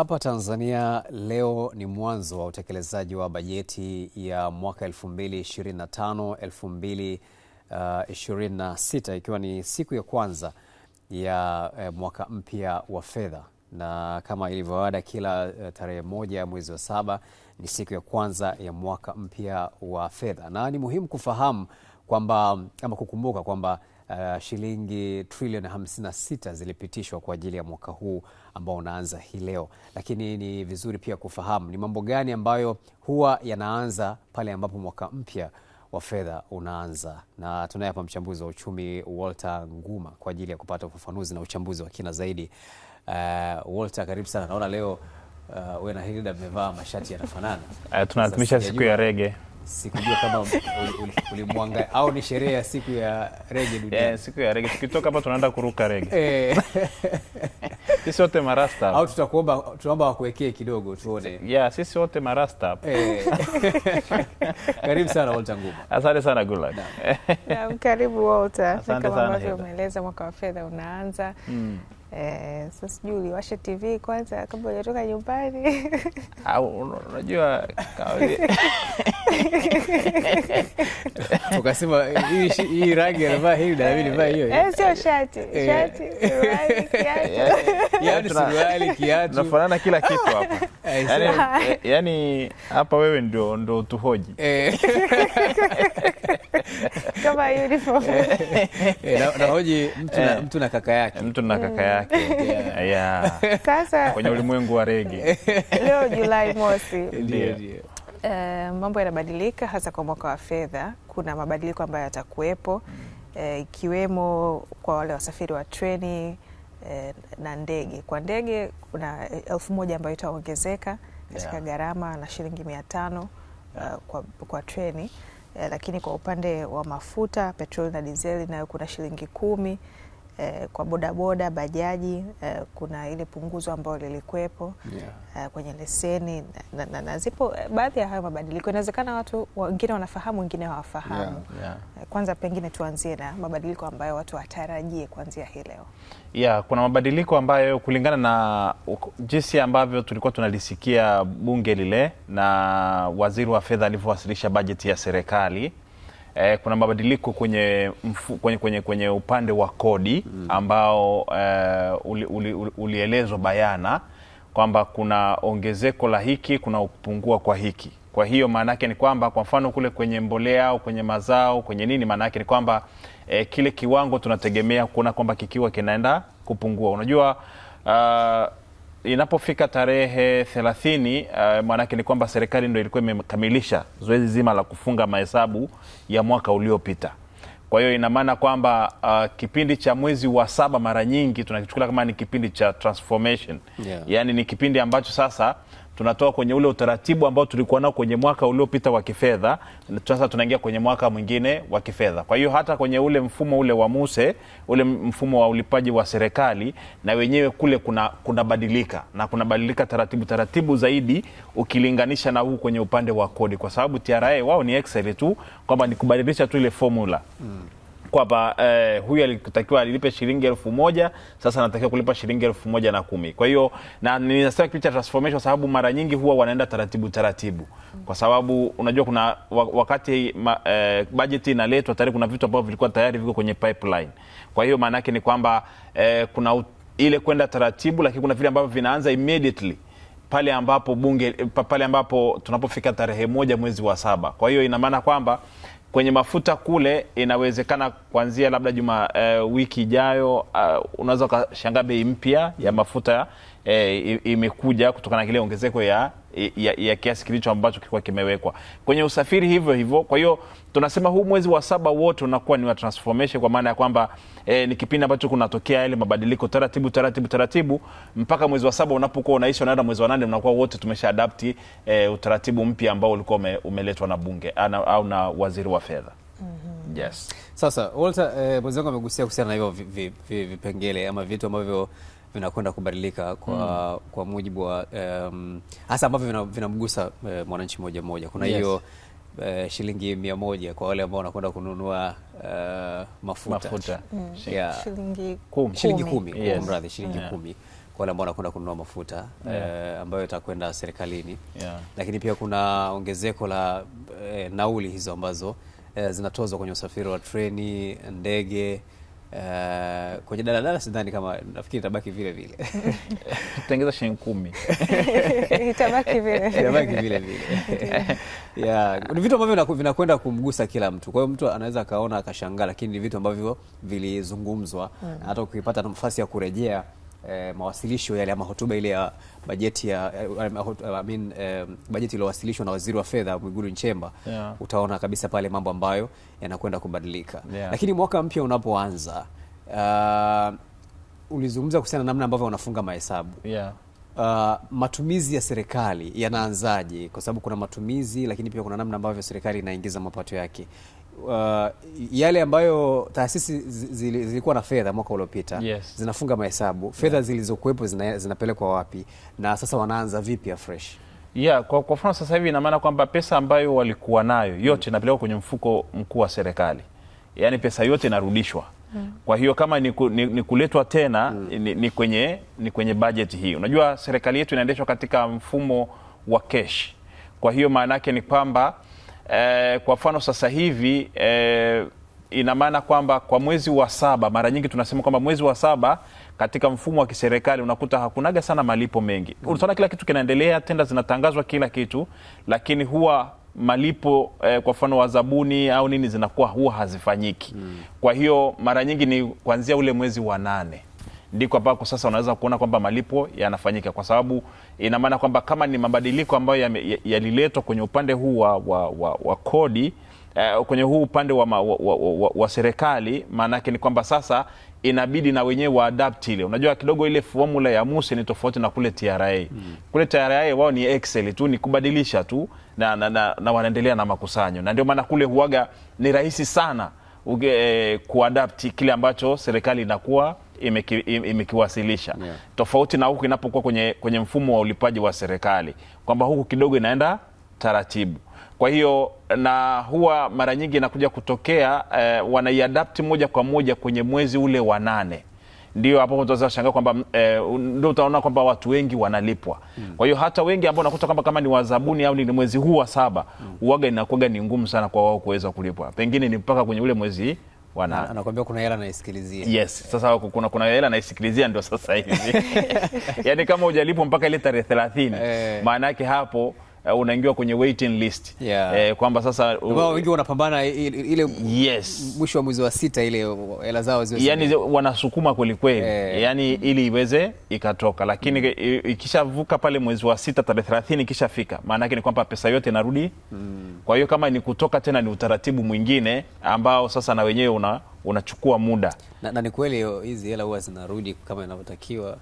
Hapa Tanzania leo ni mwanzo wa utekelezaji wa bajeti ya mwaka 2025 2026 uh, ikiwa ni siku ya kwanza ya eh, mwaka mpya wa fedha, na kama ilivyoada kila eh, tarehe moja ya mwezi wa saba ni siku ya kwanza ya mwaka mpya wa fedha, na ni muhimu kufahamu kwamba ama kukumbuka kwamba uh, shilingi trilioni 56 zilipitishwa kwa ajili ya mwaka huu ambao unaanza hii leo. Lakini ni vizuri pia kufahamu ni mambo gani ambayo huwa yanaanza pale ambapo mwaka mpya wa fedha unaanza, na tunaye hapa mchambuzi wa uchumi Walter Nguma kwa ajili ya kupata ufafanuzi na uchambuzi wa kina zaidi. Uh, Walter, karibu sana. Naona leo uh, eh, we na Hilda mmevaa mashati yanafanana. Uh, tunaadhimisha siku ya rege sikujua kama ulimwanga au ni sherehe ya siku ya rege duniani. Yeah, siku ya rege tukitoka hapa tunaenda kuruka rege eh. sisi wote marasta au tutakuomba, tunaomba wakuwekee kidogo tuone. Yeah, sisi wote marasta eh. karibu sana Walter Nguma. Asante sana Gulak. Naam, karibu Walter, kama ambavyo umeeleza mwaka wa fedha unaanza mm. Eh, sasa sijui uliwashe TV kwanza kabla hujatoka nyumbani au unajua ukasema hii rangi anavaa hili na mimi nivaa hiyo, eh, sio shati eh. shati yaani, Yaani nafanana kila kitu hapa eh, yaani, eh, yaani, hapa wewe ndio ndo tuhoji eh. kama uniform na hoji mtu na kaka yake mtu na kaka mm. yake yeah. Sasa kwenye ulimwengu wa rege leo Julai mosi ndio Uh, mambo yanabadilika hasa kwa mwaka wa fedha. Kuna mabadiliko ambayo yatakuwepo mm. ikiwemo uh, kwa wale wasafiri wa treni Eh, na ndege. Kwa ndege kuna eh, elfu moja ambayo itaongezeka katika yeah. gharama na shilingi mia tano uh, yeah. uh, kwa, kwa treni uh, lakini kwa upande wa mafuta petroli na dizeli nayo kuna shilingi kumi eh, kwa bodaboda bajaji eh, kuna ile punguzo ambayo lilikuwepo yeah. eh, kwenye leseni na, na, na zipo eh, baadhi ya hayo mabadiliko. Inawezekana watu wengine wanafahamu wengine hawafahamu yeah. yeah. eh, kwanza pengine tuanzie na mabadiliko ambayo watu watarajie kuanzia hii leo. Yeah, kuna mabadiliko ambayo kulingana na jinsi ambavyo tulikuwa tunalisikia bunge lile na waziri wa fedha alivyowasilisha bajeti ya serikali eh, kuna mabadiliko kwenye, mfu, kwenye, kwenye, kwenye upande wa kodi mm. ambao eh, ulielezwa uli, uli bayana kwamba kuna ongezeko la hiki, kuna kupungua kwa hiki. Kwa hiyo maana yake ni kwamba kwa mfano kule kwenye mbolea au kwenye mazao kwenye nini, maana yake ni kwamba eh, kile kiwango tunategemea kuona kwamba kikiwa kinaenda kupungua. Unajua uh, inapofika tarehe thelathini uh, maanake ni kwamba serikali ndo ilikuwa imekamilisha zoezi zima la kufunga mahesabu ya mwaka uliopita. Kwa hiyo ina maana kwamba uh, kipindi cha mwezi wa saba mara nyingi tunakichukulia kama ni kipindi cha transformation yeah. Yaani ni kipindi ambacho sasa tunatoa kwenye ule utaratibu ambao tulikuwa nao kwenye mwaka uliopita wa kifedha. Sasa tunaingia kwenye mwaka mwingine wa kifedha. Kwa hiyo hata kwenye ule mfumo ule wa MUSE, ule mfumo wa ulipaji wa serikali, na wenyewe kule kuna kunabadilika na kunabadilika taratibu taratibu zaidi ukilinganisha na huu kwenye upande wa kodi, kwa sababu TRA wao ni Excel tu kwamba ni kubadilisha tu ile formula mm kwamba eh, huyu alitakiwa alilipe shilingi elfu moja sasa anatakiwa kulipa shilingi elfu moja na kumi. Kwa hiyo na ninasema kitu cha transformation, sababu mara nyingi huwa wanaenda taratibu taratibu, kwa sababu unajua kuna wakati ma, eh, budget inaletwa tayari kuna vitu ambavyo vilikuwa tayari viko kwenye pipeline. Kwa hiyo maana yake ni kwamba eh, kuna ile kwenda taratibu, lakini kuna vile ambavyo vinaanza immediately pale ambapo bunge pale ambapo tunapofika tarehe moja mwezi wa saba. Kwa hiyo ina maana kwamba kwenye mafuta kule inawezekana kuanzia labda juma uh, wiki ijayo uh, unaweza ukashangaa bei mpya ya mafuta e, imekuja kutokana na kile ongezeko ya, ya, ya kiasi kilicho ambacho kilikuwa kimewekwa kwenye usafiri hivyo hivyo. Kwa hiyo tunasema huu mwezi wa saba wote unakuwa ni wa transformation, kwa maana ya kwamba e, ni kipindi ambacho kunatokea yale mabadiliko taratibu taratibu taratibu mpaka mwezi wa saba unapokuwa unaisha, unaenda mwezi wa nane, unakuwa wote tumesha adapti e, eh, utaratibu mpya ambao ulikuwa umeletwa na bunge au na waziri wa fedha. Mm-hmm. Yes. Sasa Walter, mwenzangu amegusia kuhusiana na hivyo vipengele vi, vi, vi, ama vitu ambavyo vinakwenda kubadilika kwa, mm. kwa mujibu wa hasa ambavyo vinamgusa vina uh, eh, mwananchi moja moja. Kuna hiyo yes. Uh, shilingi mia moja kwa wale ambao wanakwenda kununua uh, mafuta, mafuta. Mm. Yeah. Shilingi kumi, shilingi kumi, yes. Mradhi, shilingi yeah. kumi kwa wale ambao wanakwenda kununua mafuta yeah. uh, ambayo itakwenda serikalini yeah. Lakini pia kuna ongezeko la uh, nauli hizo ambazo uh, zinatozwa kwenye usafiri wa treni, ndege Eh, kwenye daladala sidhani kama, nafikiri itabaki vile vile, tutengeza shilingi kumi itabaki vile vile yeah. Ni vitu ambavyo vinakwenda kumgusa kila mtu, kwa hiyo mtu anaweza akaona akashangaa, lakini ni vitu ambavyo vilizungumzwa mm. hata ukipata nafasi ya kurejea eh, mawasilisho yale ama hotuba ile ya bajeti ya eh, I mean, eh, bajeti iliyowasilishwa na waziri wa fedha Mwigulu Nchemba yeah. Utaona kabisa pale mambo ambayo yanakwenda kubadilika yeah. Lakini mwaka mpya unapoanza uh, ulizungumza kuhusiana namna ambavyo wanafunga mahesabu yeah. Uh, matumizi ya serikali yanaanzaje? Kwa sababu kuna matumizi lakini pia kuna namna ambavyo serikali inaingiza mapato yake uh, yale ambayo taasisi zilikuwa na fedha mwaka uliopita yes. Zinafunga mahesabu fedha yeah. Zilizokuwepo zina, zinapelekwa wapi na sasa wanaanza vipi afresh? Yeah, kwa, kwa mfano sasa hivi ina maana kwamba pesa ambayo walikuwa nayo yote inapelekwa kwenye mfuko mkuu wa serikali, yaani pesa yote inarudishwa hmm. Kwa hiyo kama ni, ku, ni, ni kuletwa tena mm. ni, ni kwenye, ni kwenye bajeti hii. Unajua serikali yetu inaendeshwa katika mfumo wa kesh, kwa hiyo maana yake ni kwamba eh, kwa mfano sasa hivi eh, ina maana kwamba kwa mwezi wa saba, mara nyingi tunasema kwamba mwezi wa saba katika mfumo wa kiserikali unakuta hakunaga sana malipo mengi mm. unaona kila kitu kinaendelea, tenda zinatangazwa, kila kitu, lakini huwa malipo eh, kwa mfano wa zabuni au nini zinakuwa huwa hazifanyiki mm. Kwa hiyo mara nyingi ni kuanzia ule mwezi wa nane ndiko ambako sasa unaweza kuona kwamba malipo yanafanyika, kwa sababu ina maana kwamba kama ni mabadiliko ambayo yaliletwa ya kwenye upande huu wa, wa, wa, wa kodi eh, kwenye huu upande wa, wa, wa, wa, wa serikali, maanake ni kwamba sasa inabidi na wenyewe waadapt ile. Unajua kidogo ile fomula ya MUSE ni tofauti na kule TRA. Mm. Kule TRA wao ni excel tu, ni kubadilisha tu na, na, na, na wanaendelea na makusanyo, na ndio maana kule huaga ni rahisi sana uge, eh, kuadapti kile ambacho serikali inakuwa imeki, imekiwasilisha yeah. Tofauti na huku inapokuwa kwenye, kwenye mfumo wa ulipaji wa serikali kwamba huku kidogo inaenda taratibu kwa hiyo na huwa mara nyingi inakuja kutokea eh, wanaiadapti moja kwa moja kwenye mwezi ule wa nane, ndio hapo tunaweza shangaa kwamba eh, ndio utaona kwamba watu wengi wanalipwa mm. Kwa hiyo hata wengi ambao nakuta kwamba kama ni wazabuni au ni mwezi huu wa saba mm. Uwaga inakuwaga ni ngumu sana kwa wao kuweza kulipwa, pengine ni mpaka kwenye ule mwezi wana anakuambia kuna hela naisikilizia. Yes, sasa kuna kuna hela naisikilizia ndio sasa hivi. Yaani kama hujalipo mpaka ile tarehe 30 eh. maana yake hapo uh, unaingiwa kwenye waiting list yeah. Eh, kwamba sasa uh, wengi wanapambana ile yes. mwisho wa mwezi wa sita ile hela zao ziwe yani wanasukuma kweli kweli eh. yani ili iweze ikatoka, lakini mm. ikishavuka pale mwezi wa sita tarehe 30 ikishafika, maana yake ni kwamba pesa yote inarudi mm. kwa hiyo kama ni kutoka tena ni utaratibu mwingine ambao sasa na wenyewe una unachukua muda na, na ni kweli hizi hela huwa zinarudi kama inavyotakiwa, kwa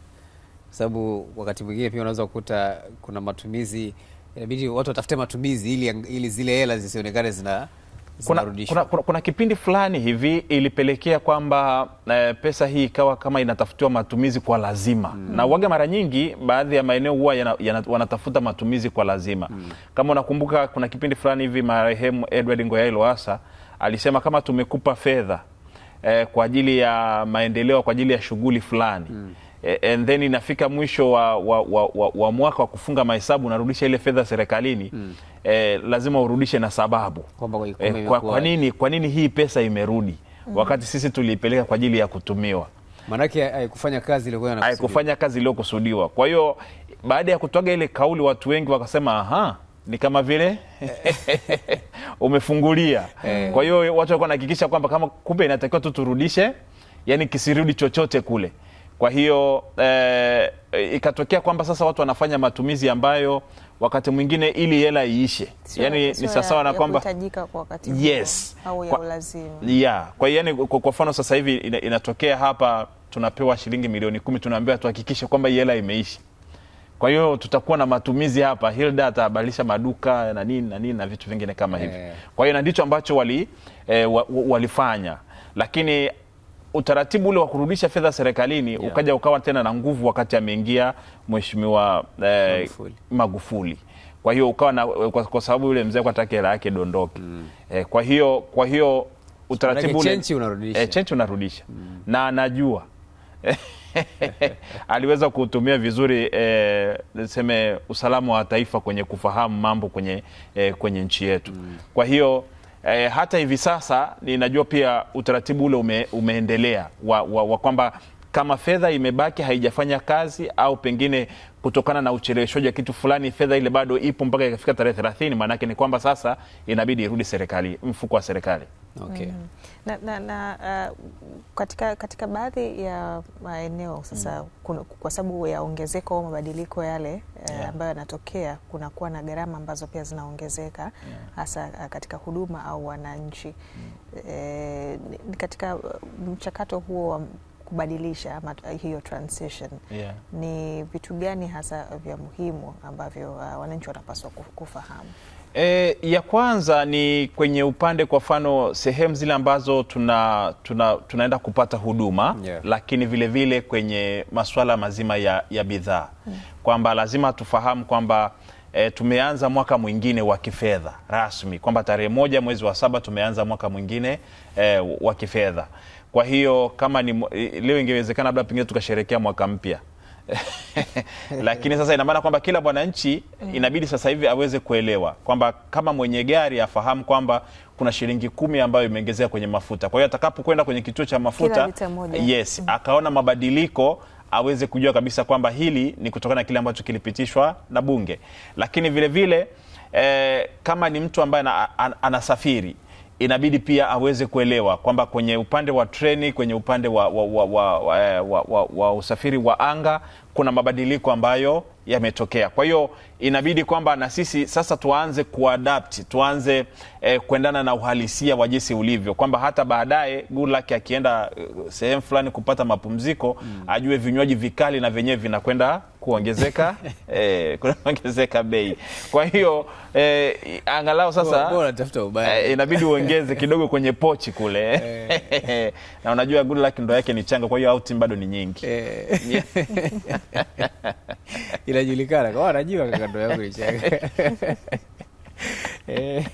sababu wakati mwingine pia unaweza kukuta kuna matumizi inabidi watu watafute matumizi ili, ili zile hela zisionekane zina kuna, kuna, kuna, kuna kipindi fulani hivi ilipelekea kwamba e, pesa hii ikawa kama inatafutiwa matumizi kwa lazima mm. Na uwaga mara nyingi baadhi ya maeneo huwa wanatafuta matumizi kwa lazima mm. Kama unakumbuka kuna kipindi fulani hivi marehemu Edward Ngoyai loasa alisema kama tumekupa fedha e, kwa ajili ya maendeleo, kwa ajili ya shughuli fulani mm. E, and then inafika mwisho wa, wa, wa, wa, wa mwaka wa kufunga mahesabu unarudisha ile fedha serikalini mm. Eh, lazima urudishe na sababu eh, kwa, e, kwa, nini, kwa nini hii pesa imerudi mm. wakati sisi tuliipeleka kwa ajili ya kutumiwa Manake haikufanya kazi iliyokuwa haikufanya kazi iliyokusudiwa. Kwa hiyo baada ya kutwaga ile kauli, watu wengi wakasema aha, ni kama vile umefungulia. Eh. Kwa hiyo watu walikuwa wanahakikisha kwamba kama kumbe inatakiwa tu turudishe, yani kisirudi chochote kule. Kwa hiyo eh, ikatokea kwamba sasa watu wanafanya matumizi ambayo wakati mwingine ili hela iishe, yani ni sawasawa na kwamba yes, kwa, yeah. Kwa hiyo yani, kwa mfano sasa hivi inatokea hapa tunapewa shilingi milioni kumi, tunaambiwa tuhakikishe kwamba hii hela imeishi. Kwa hiyo tutakuwa na matumizi hapa, Hilda atabadilisha maduka na nini na nini na vitu vingine kama yeah, hivyo. Eh. Kwa hiyo na ndicho ambacho wali, eh, walifanya lakini utaratibu ule wa kurudisha fedha serikalini yeah. ukaja ukawa tena na nguvu wakati ameingia mheshimiwa eh, Magufuli. Magufuli kwa hiyo ukawa na, eh, kwa, kwa sababu yule mzee kwatake hela yake dondoke mm. eh, kwa hiyo kwa hiyo utaratibu ule chenchi unarudisha, eh, chenchi unarudisha. Mm. na anajua aliweza kutumia vizuri eh, seme usalama wa taifa kwenye kufahamu mambo kwenye, eh, kwenye nchi yetu mm. kwa hiyo eh, hata hivi sasa ninajua pia utaratibu ule ume, umeendelea wa, wa, wa kwamba kama fedha imebaki haijafanya kazi au pengine kutokana na ucheleweshaji wa kitu fulani, fedha ile bado ipo mpaka ikafika tarehe 30. Maana ni kwamba sasa inabidi irudi serikali, mfuko wa serikali. Okay. Mm. Na, na, na uh, katika, katika baadhi ya maeneo sasa mm. kuna, kwa sababu ya ongezeko au mabadiliko yale eh, yeah. uh, ambayo yanatokea kunakuwa na gharama ambazo pia zinaongezeka hasa yeah. Uh, katika huduma au wananchi mm. Eh, uh, katika mchakato huo kubadilisha ama uh, hiyo transition yeah. Ni vitu gani hasa vya muhimu ambavyo uh, wananchi wanapaswa kufahamu? E, ya kwanza ni kwenye upande kwa mfano sehemu zile ambazo tuna, tuna, tunaenda kupata huduma yeah. Lakini vilevile vile kwenye masuala mazima ya, ya bidhaa mm. Kwamba lazima tufahamu kwamba e, tumeanza mwaka mwingine wa kifedha rasmi kwamba tarehe moja mwezi wa saba tumeanza mwaka mwingine e, wa kifedha. Kwa hiyo kama ni e, leo, ingewezekana labda pengine tukasherekea mwaka mpya lakini sasa inamaana kwamba kila mwananchi eh. inabidi sasa hivi aweze kuelewa kwamba kama mwenye gari afahamu kwamba kuna shilingi kumi ambayo imeongezea kwenye mafuta. Kwa hiyo atakapokwenda kwenye kituo cha mafuta yes, mm. akaona mabadiliko aweze kujua kabisa kwamba hili ni kutokana na kile ambacho kilipitishwa na Bunge. Lakini vile vile eh, kama ni mtu ambaye anasafiri inabidi pia aweze kuelewa kwamba kwenye upande wa treni, kwenye upande wa, wa, wa, wa, wa, wa, wa, wa usafiri wa anga kuna mabadiliko ambayo yametokea. Kwa hiyo inabidi kwamba na sisi sasa tuanze kuadapt, tuanze eh, kuendana na uhalisia wa jinsi ulivyo, kwamba hata baadaye gulak akienda eh, sehemu fulani kupata mapumziko mm. ajue vinywaji vikali na vyenyewe vinakwenda kuongezeka eh, kunaongezeka bei. Kwa hiyo eh, angalau sasa eh, inabidi uongeze kidogo kwenye pochi kule eh. na unajua good luck ndo yake ni changa, kwa hiyo out bado ni nyingi eh. inajulikana kwa anajua kaka, ndo yako ni changa eh.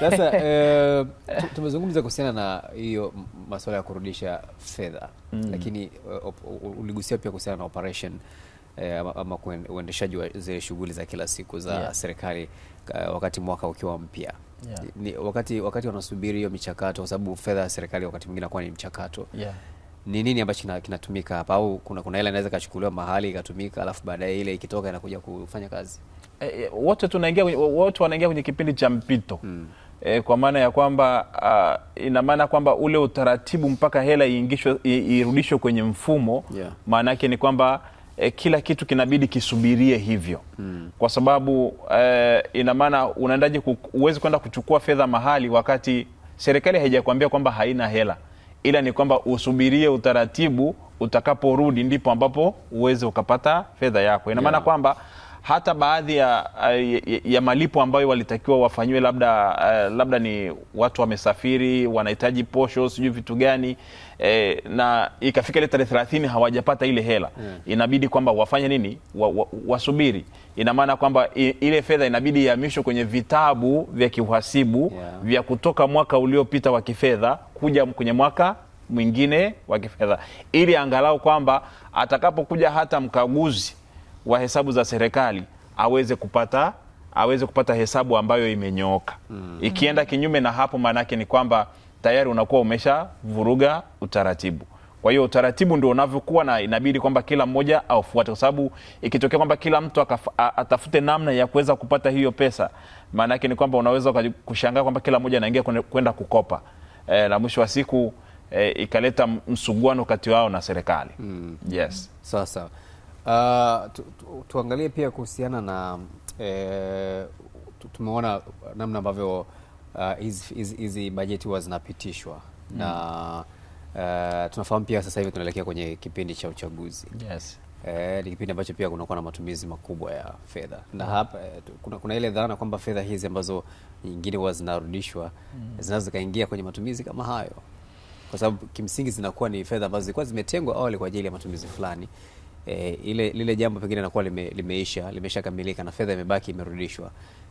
Sasa eh, tumezungumza kuhusiana na hiyo masuala ya kurudisha fedha mm, lakini uh, uligusia pia kuhusiana na operation eh, ama, uendeshaji wa zile shughuli za kila siku za yeah. serikali eh, wakati mwaka ukiwa mpya yeah. wakati, wakati wanasubiri hiyo michakato kwa sababu fedha ya serikali wakati mwingine nakuwa ni mchakato yeah. Ni nini ambacho kinatumika hapa au kuna kuna ile inaweza ikachukuliwa mahali ikatumika alafu baadaye ile ikitoka inakuja kufanya kazi? E, wote tunaingia wote wanaingia kwenye kipindi cha mpito mm. E, kwa maana ya kwamba uh, ina maana kwamba ule utaratibu mpaka hela iingishwe irudishwe kwenye mfumo yeah. Maana yake ni kwamba e, kila kitu kinabidi kisubirie hivyo mm. Kwa sababu e, ina maana unaendaje? Huwezi kwenda kuchukua fedha mahali wakati serikali haijakwambia kwamba haina hela, ila ni kwamba usubirie utaratibu, utakaporudi ndipo ambapo uweze ukapata fedha yako. Ina maana yeah. kwamba hata baadhi ya, ya, ya malipo ambayo walitakiwa wafanyiwe, labda uh, labda ni watu wamesafiri, wanahitaji posho, sijui vitu gani eh, na ikafika ile tarehe thelathini hawajapata ile hela hmm. Inabidi kwamba wafanye nini? wa, wa, wasubiri. Ina maana kwamba ile fedha inabidi ihamishwe kwenye vitabu vya kiuhasibu yeah. vya kutoka mwaka uliopita wa kifedha kuja kwenye mwaka mwingine wa kifedha, ili angalau kwamba atakapokuja hata mkaguzi wa hesabu za serikali aweze kupata aweze kupata hesabu ambayo imenyooka. Mm. Ikienda kinyume na hapo, maanake ni kwamba tayari unakuwa umesha vuruga utaratibu. Kwa hiyo utaratibu ndio unavyokuwa, na inabidi kwamba kila mmoja aufuate, kwa sababu ikitokea kwamba kila mtu akaf, atafute namna ya kuweza kupata hiyo pesa, maana yake ni kwamba unaweza kushangaa kwamba kila mmoja anaingia kwenda kukopa e, na mwisho wa siku e, ikaleta msuguano kati wao na serikali. Mm. Yes, sawa sawa. Uh, tu, tu, tuangalie pia kuhusiana na eh, tumeona namna ambavyo ah, hizi uh, bajeti huwa zinapitishwa mm. na uh, tunafahamu pia sasa hivi tunaelekea kwenye kipindi cha uchaguzi yes. Eh, ni kipindi ambacho pia kunakuwa na matumizi makubwa ya fedha na mm. hapa eh, kuna, kuna ile dhana kwamba fedha hizi ambazo nyingine huwa zinarudishwa mm. zinaweza zikaingia kwenye matumizi kama hayo, kwa sababu kimsingi zinakuwa ni fedha ambazo zilikuwa zimetengwa awali kwa ajili ya matumizi fulani e, ile lile jambo pengine linakuwa lime, limeisha limeshakamilika na fedha imebaki imerudishwa.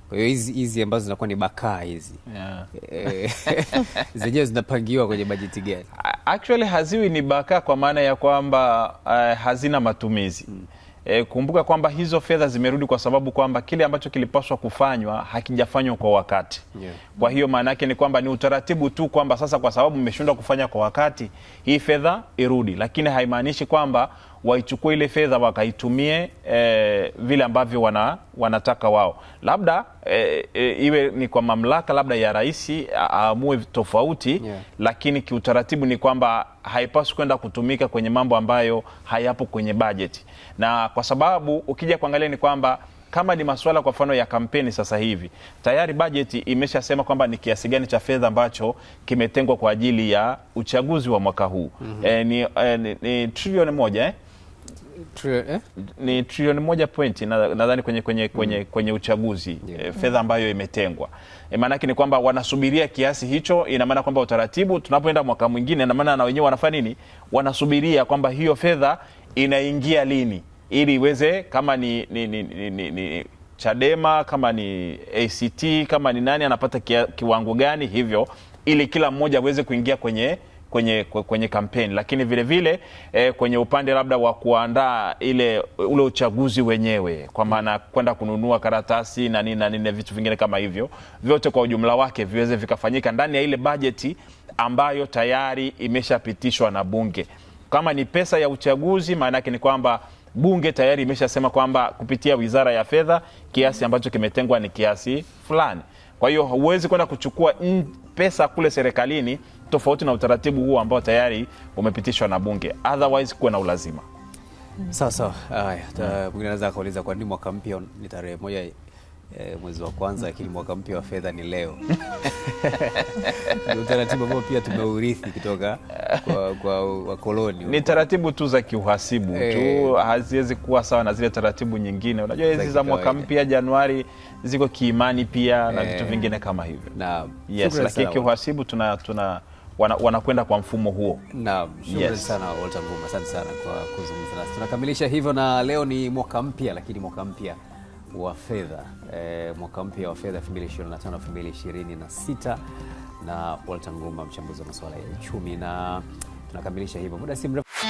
Kwa hiyo hizi hizi ambazo zinakuwa ni bakaa hizi yeah. E, zenyewe zinapangiwa kwenye bajeti gani? Actually haziwi ni bakaa kwa maana ya kwamba uh, hazina matumizi mm. E, kumbuka kwamba hizo fedha zimerudi kwa sababu kwamba kile ambacho kilipaswa kufanywa hakijafanywa kwa wakati yeah. Kwa hiyo maana yake ni kwamba ni utaratibu tu kwamba sasa, kwa sababu mmeshindwa kufanya kwa wakati, hii fedha irudi, lakini haimaanishi kwamba waichukue ile fedha wakaitumie eh, vile ambavyo wana, wanataka wao, labda eh, eh, iwe ni kwa mamlaka labda ya rais aamue tofauti yeah. Lakini kiutaratibu ni kwamba haipaswi kwenda kutumika kwenye mambo ambayo hayapo kwenye bajeti, na kwa sababu ukija kuangalia ni kwamba kama ni masuala kwa mfano ya kampeni, sasa hivi tayari bajeti imeshasema kwamba ni kiasi gani cha fedha ambacho kimetengwa kwa ajili ya uchaguzi wa mwaka huu. mm -hmm. E, ni, e, ni, ni trilioni moja eh? Eh? Ni trilioni moja pointi nadhani kwenye, kwenye, kwenye, mm. kwenye uchaguzi eh, yeah. fedha ambayo imetengwa e, maanake ni kwamba wanasubiria kiasi hicho. inamaana kwamba utaratibu tunapoenda mwaka mwingine, namaana na wenyewe wanafanya nini? Wanasubiria kwamba hiyo fedha inaingia lini ili iweze kama ni, ni, ni, ni, ni, ni Chadema kama ni ACT kama ni nani anapata kia, kiwango gani hivyo, ili kila mmoja aweze kuingia kwenye kwenye, kwenye kampeni, lakini vilevile vile eh, kwenye upande labda wa kuandaa ile ule uchaguzi wenyewe, kwa maana kwenda kununua karatasi na nini na nini, vitu vingine kama hivyo, vyote kwa ujumla wake viweze vikafanyika ndani ya ile bajeti ambayo tayari imeshapitishwa na Bunge. Kama ni pesa ya uchaguzi, maana yake ni kwamba bunge tayari imeshasema kwamba kupitia wizara ya fedha kiasi ambacho kimetengwa ni kiasi fulani. Kwa hiyo huwezi kwenda kuchukua pesa kule serikalini tofauti na utaratibu huo ambao tayari umepitishwa na Bunge, otherwise kuwe na ulazima. Sawa sawa. Haya, mwingine anaweza akauliza kwa nini mwaka mpya ni tarehe moja eh, mwezi wa kwanza, lakini mwaka mpya wa fedha ni leo. Ni taratibu ambao pia tumeurithi kutoka kwa, kwa wakoloni. Ni taratibu tu za kiuhasibu hey, tu eh. haziwezi kuwa sawa na zile taratibu nyingine. Unajua hizi za mwaka mpya Januari ziko kiimani pia hey, na eh. vitu vingine kama hivyo. Naam. Yes, lakini kiuhasibu tuna, tuna wanakwenda wana kwa mfumo huo. Naam, yes. sana asante sana kwa kuzungumza nasi. Tunakamilisha hivyo, na leo ni mwaka mpya, lakini mwaka mpya wa fedha e, mwaka mpya wa fedha 2025 na walta Nguma, mchambuzi wa masuala ya uchumi, na tunakamilisha hivyo muda si mrefu